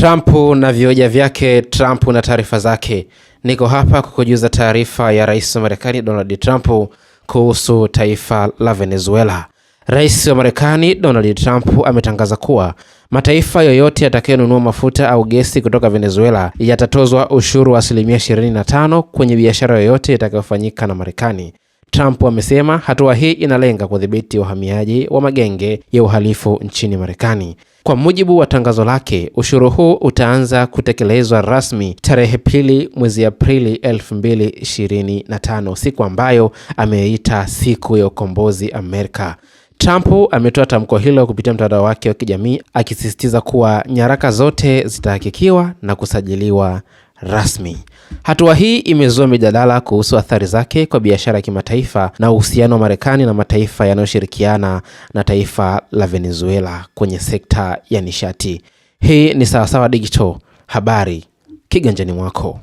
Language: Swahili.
Trump na vioja vyake, Trump na taarifa zake. Niko hapa kukujuza taarifa ya rais wa Marekani Donald Trump kuhusu taifa la Venezuela. Rais wa Marekani Donald Trump ametangaza kuwa mataifa yoyote yatakayonunua mafuta au gesi kutoka Venezuela yatatozwa ushuru wa asilimia 25 kwenye biashara yoyote itakayofanyika na Marekani. Trump amesema hatua hii inalenga kudhibiti uhamiaji wa magenge ya uhalifu nchini Marekani. Kwa mujibu wa tangazo lake, ushuru huu utaanza kutekelezwa rasmi tarehe pili mwezi Aprili 2025, siku ambayo ameita siku ya ukombozi Amerika. Trump ametoa tamko hilo kupitia mtandao wake wa kijamii akisisitiza kuwa nyaraka zote zitahakikiwa na kusajiliwa rasmi. Hatua hii imezua mijadala kuhusu athari zake kwa biashara ya kimataifa na uhusiano wa Marekani na mataifa yanayoshirikiana na taifa la Venezuela kwenye sekta ya nishati. Hii ni Sawasawa Digital, habari kiganjani mwako.